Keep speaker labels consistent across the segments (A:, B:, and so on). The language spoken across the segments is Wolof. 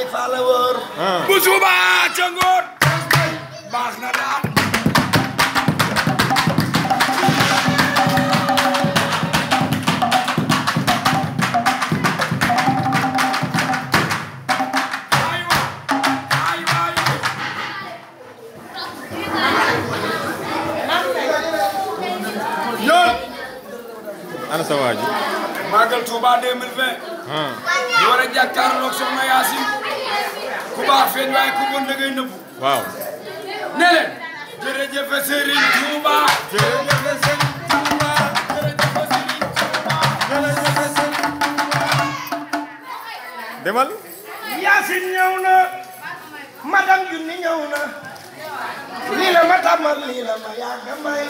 A: Baay Faal la wóor bu suba ca ngoon baax na daal ana sa waaju Magal Touba 2020 ñu war a jàkkaarloog soxna Yaasin baax feeñ waaye ku bon da ngay waaw. ne leen. jërëjëf Serigne Touba. jërëjëf Serigne Touba. jërëjëf Serigne Touba. jërëjëf Serigne Touba. demal. Yacine ñëw na. madame Junni ñëw na. lii la ma tàmmal lii la ma yàgg may.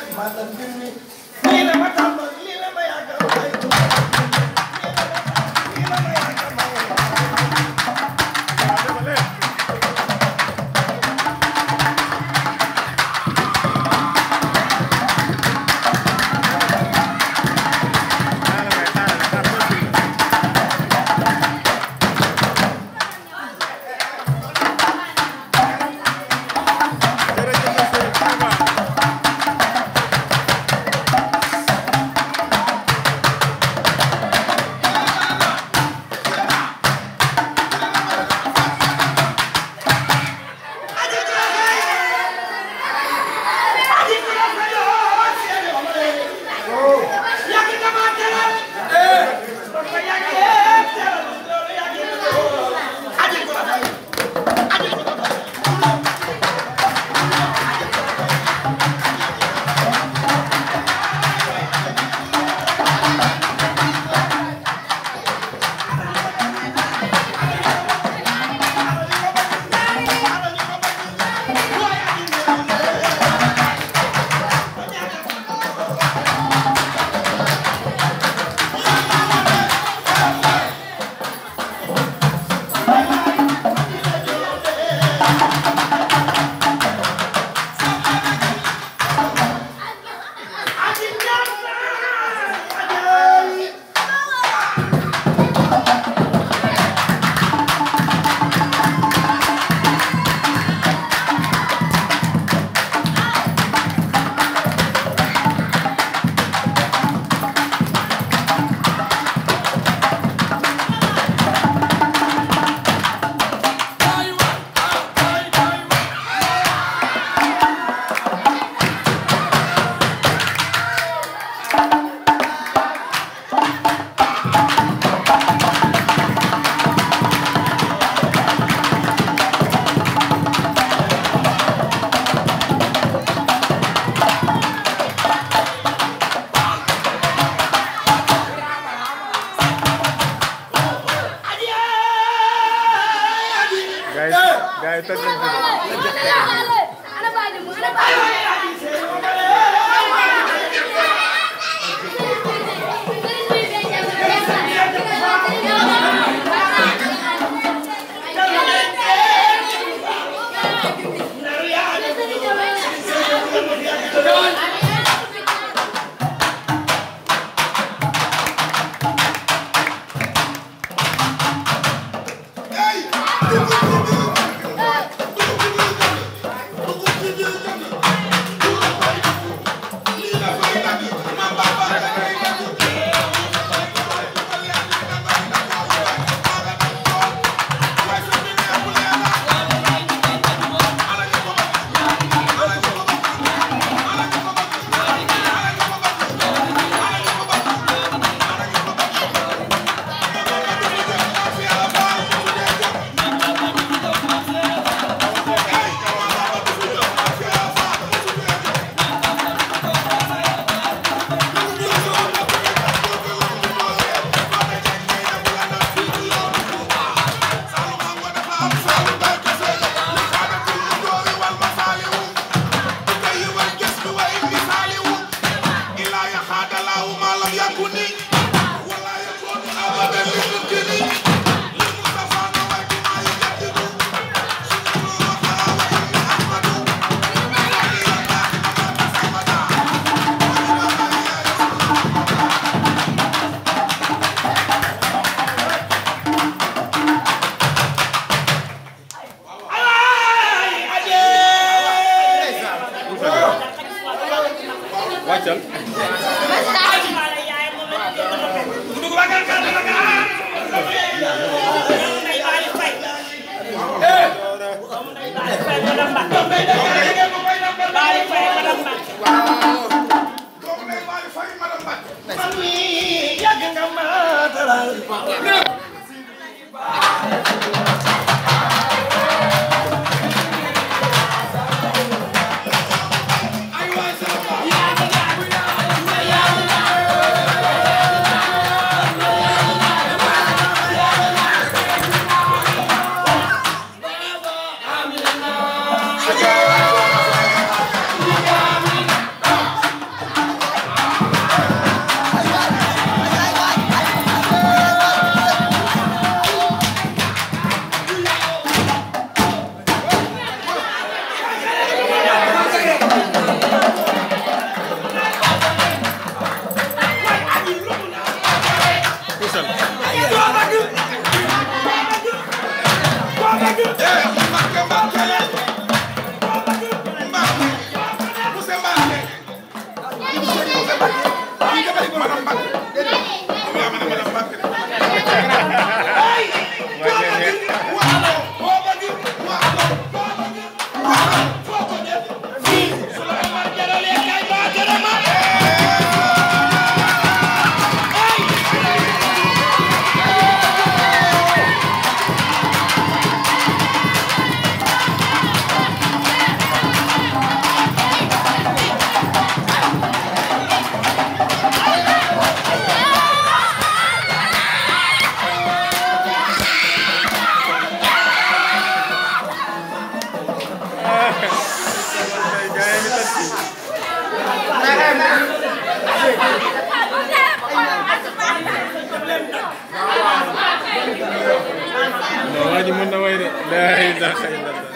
A: la ilaha illallah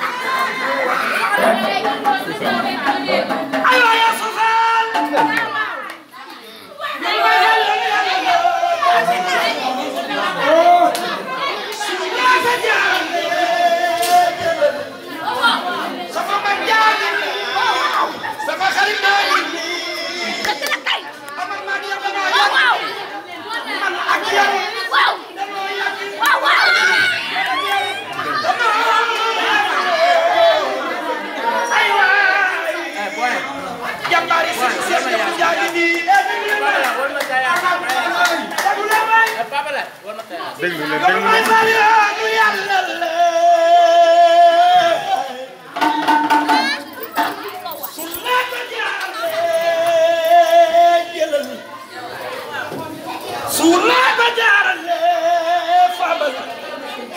A: déglu leen déglu leen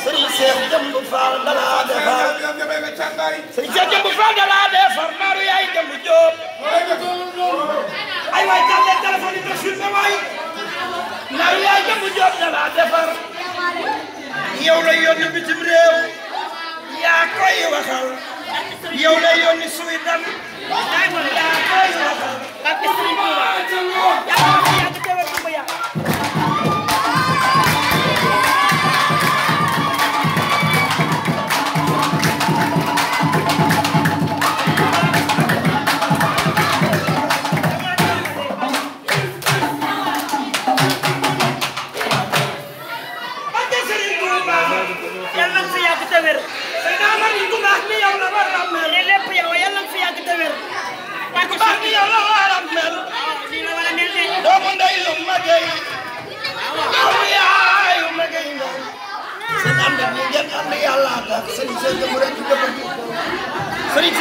A: Sëriñ Cheikh Jëmb Fall dalaa defar Sëriñ Cheikh Jëmb Fall dalaa defar yow la yónni bitim réew waxal yow la yónni suy dan waxal yow la war a mel. li lépp yow yal na fi yàgg te wér. parce que baax bi yow la war a mel. waaw nii la war a mel de. doomu ndeyu magay. waaw doomu yaayu magay ndaw. seen ànd ak ngeen ànd yàlla àndal. sëñ Cheikh Dieumb rek dëgg ak jiw. sëñ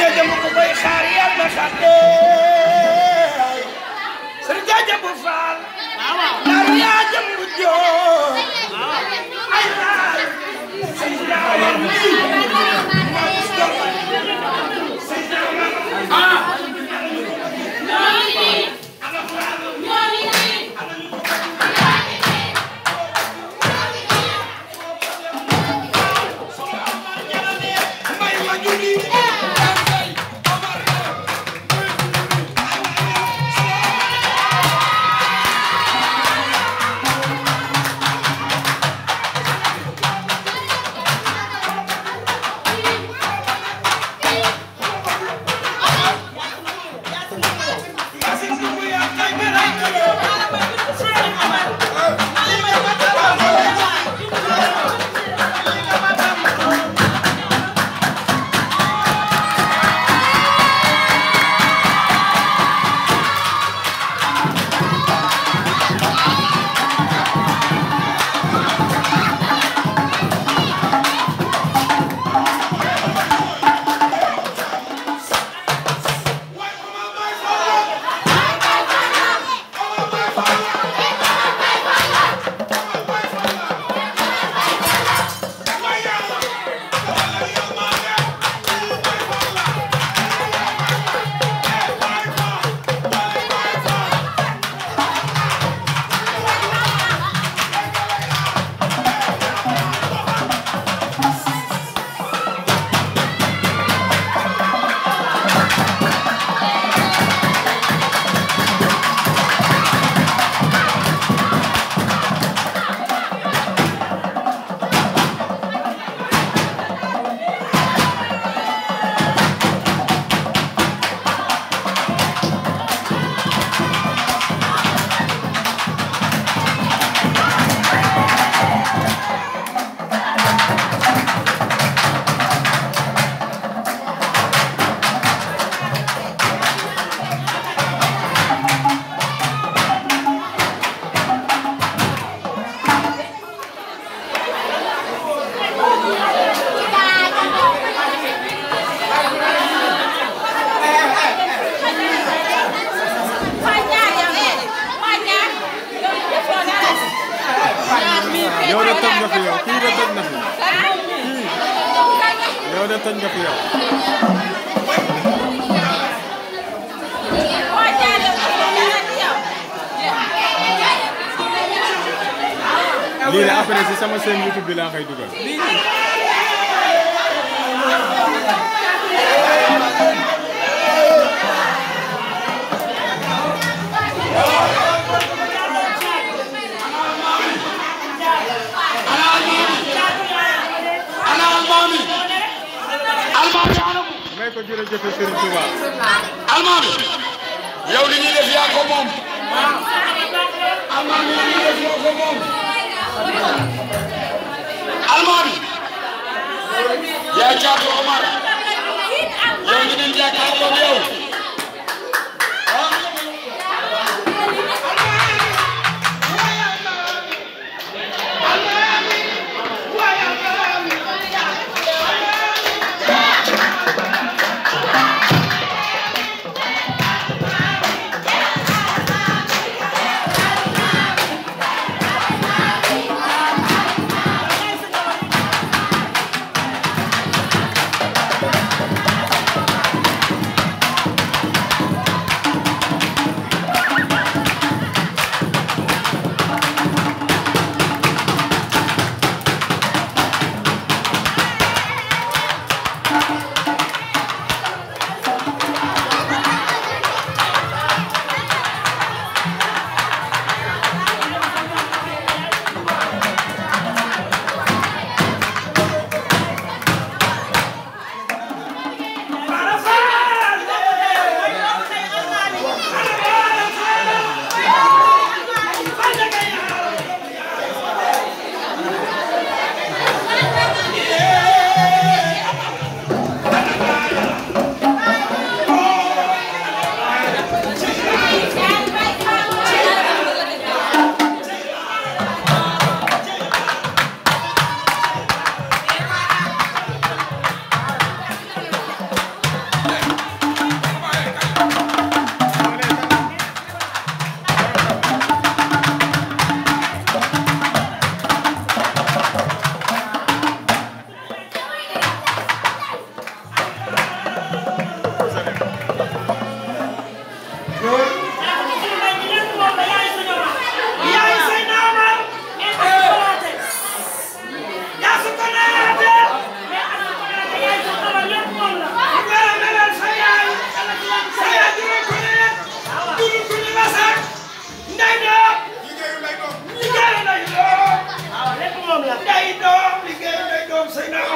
A: après si sama seen YouTube bi laa koy dugal. may ko jërëjëf Serigne Touba. almaami yow li ñuy def yaa ko moom. almaami yow li ñuy def yaa ko moom. almaami yaa caatu Omar yow ñu ne yaa caatu yow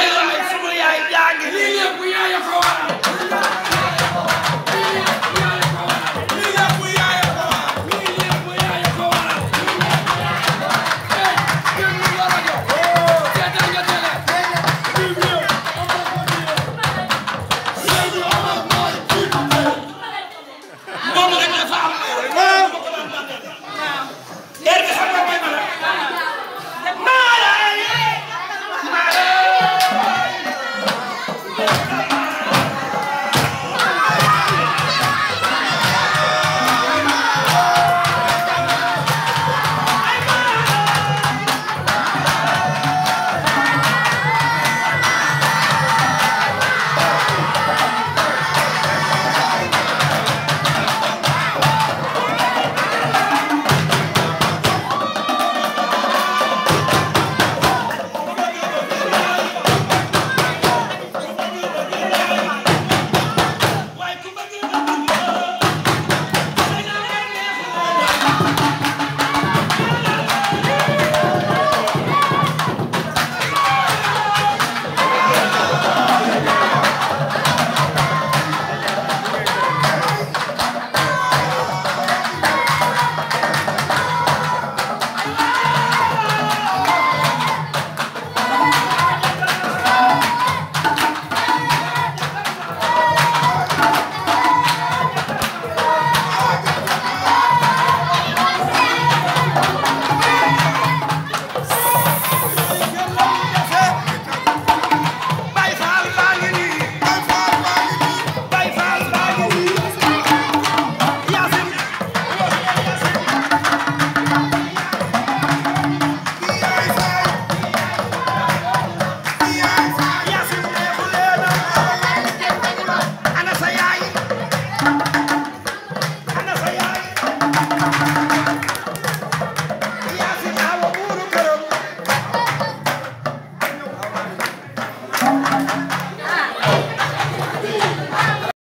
A: ay waay sunu yaay jaa ngi lii yëpp yaay ko waral